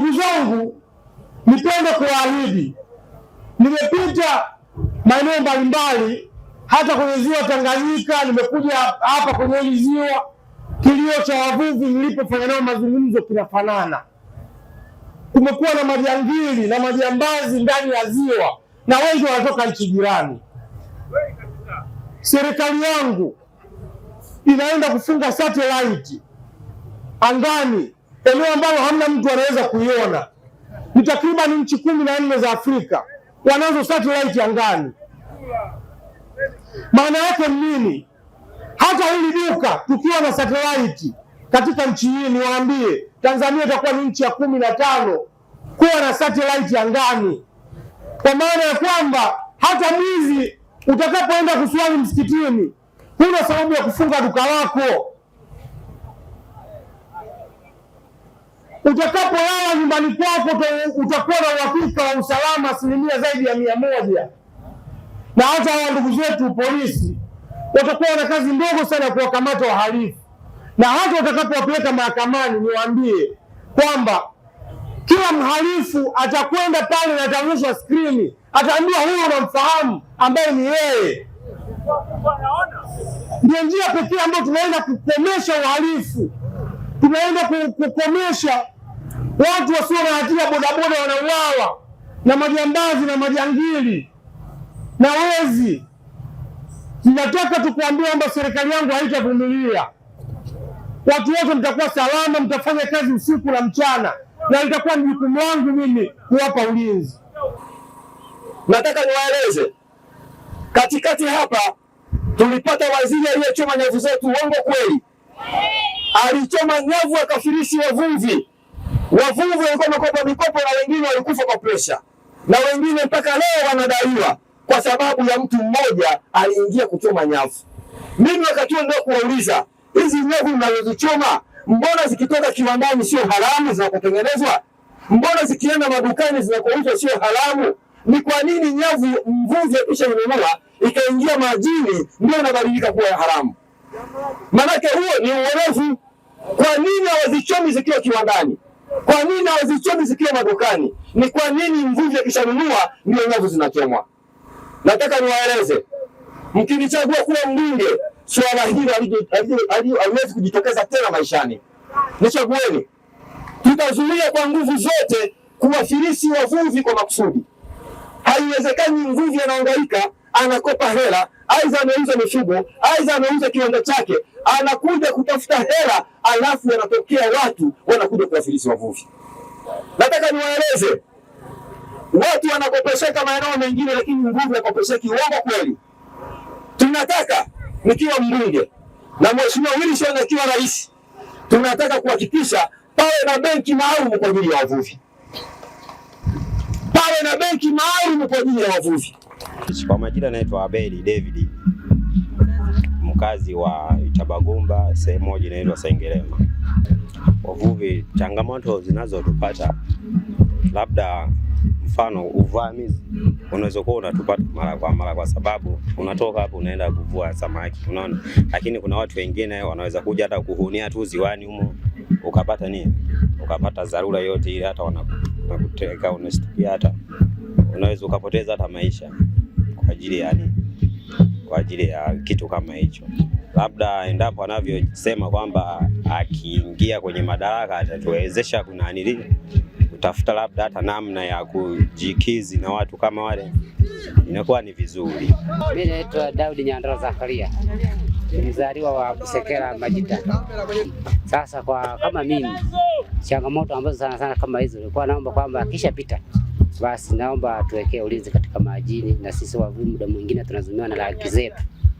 Ndugu zangu, nipende kuwaahidi, nimepita maeneo mbalimbali, hata kwenye ziwa Tanganyika, nimekuja hapa kwenye hili ziwa, kilio cha wavuvi nilipofanya nao mazungumzo kinafanana. Kumekuwa na majangili na majambazi ndani ya ziwa, na wengi wanatoka nchi jirani. Serikali yangu inaenda kufunga satelaiti angani eneo ambalo hamna mtu anaweza kuiona, ni takriban nchi kumi na nne za Afrika wanazo satellite angani. Maana yake nini? Hata hili duka tukiwa na satellite katika nchi hii, niwaambie, Tanzania itakuwa ni nchi ya kumi na tano kuwa na satellite angani, kwa maana ya kwamba hata mwizi utakapoenda kuswali msikitini, huna sababu ya kufunga duka lako. Utakapolala nyumbani kwako utakuwa na uhakika wa usalama asilimia zaidi ya mia moja. Na hata hawa ndugu zetu polisi watakuwa na kazi ndogo sana ya kuwakamata wahalifu, na hata watakapowapeleka mahakamani, niwaambie kwamba kila mhalifu atakwenda pale na ataonyesha skrini, ataambia huyo unamfahamu, ambaye ni yeye. Ndio njia pekee ambayo tunaweza kukomesha uhalifu tunaenda kukomesha watu wasio na hatia, bodaboda wanauawa na majambazi na majangili na wezi. Ninataka tukuambia kwamba serikali yangu haitavumilia. Watu wote mtakuwa salama, mtafanya kazi usiku na mchana, na litakuwa ni jukumu langu mimi kuwapa ulinzi. Nataka niwaeleze katikati hapa tulipata waziri aliyechoma nyavu zetu. Uongo kweli? alichoma nyavu akafirishi wavuvi. Wavuvi walikuwa wamekopa mikopo na wengine walikufa kwa presha, na wengine mpaka leo wanadaiwa kwa sababu ya mtu mmoja aliingia kuchoma nyavu. Mimi wakati huo ndio kuwauliza, hizi nyavu mnazozichoma mbona zikitoka kiwandani sio haramu zinakotengenezwa? Mbona zikienda madukani zinakouzwa sio haramu? Ni kwa nini nyavu mvuvi akishainunua ikaingia majini ndio inabadilika kuwa haramu? Maanake huo ni uonevu. Kwa nini hawazichomi zikiwa kiwandani? Kwa nini hawazichomi zikiwa madukani? Ni kwa nini mvuvi akishanunua ndio nyavu zinachomwa? Nataka niwaeleze, mkinichagua kuwa mbunge, swala hili haliwezi kujitokeza tena maishani. Nichagueni, tutazuia kwa nguvu zote kuwafilisi wavuvi kwa makusudi. Haiwezekani mvuvi anaangaika anakopa hela aidha ameuza mifugo, aidha ameuza kiwanda chake, anakuja kutafuta hela, alafu wanatokea watu wanakuja kuwafilisi wavuvi. Nataka niwaeleze watu wanakopesheka maeneo mengine, lakini mvuvi hakopesheki. Uongo kweli? Tunataka nikiwa mbunge na mheshimiwa Wilson akiwa rais, tunataka kuhakikisha pawe na benki maalum kwa ajili ya wavuvi, pawe na benki maalum kwa ajili ya wavuvi. Mwandishi kwa majina anaitwa Abeli David, mkazi wa Itabagumba, sehemu moja inaitwa Sengerema. Wavuvi, changamoto zinazotupata labda mfano uvamizi unaweza kuwa unatupata mara kwa mara, kwa sababu unatoka hapo unaenda kuvua samaki, unaona. Lakini kuna watu wengine wanaweza kuja hata kuhunia tu ziwani humo, ukapata nini, ukapata dharura yote ile, hata wanakuteka unastukia, hata unaweza ukapoteza hata maisha kwa ajili ya kwa ajili ya kitu kama hicho. Labda endapo anavyosema kwamba akiingia kwenye madaraka atatuwezesha kunanili kutafuta labda hata namna ya kujikizi na watu kama wale, inakuwa ni vizuri. Mimi naitwa Daudi Nyandara Zakaria, mzaliwa wa Kusekera Majita. Sasa kwa kama mimi changamoto ambazo sana sana kama hizo nilikuwa naomba kwamba akishapita basi naomba tuwekee ulinzi katika majini, na sisi wavuvi muda mwingine tunazumiwa na laki zetu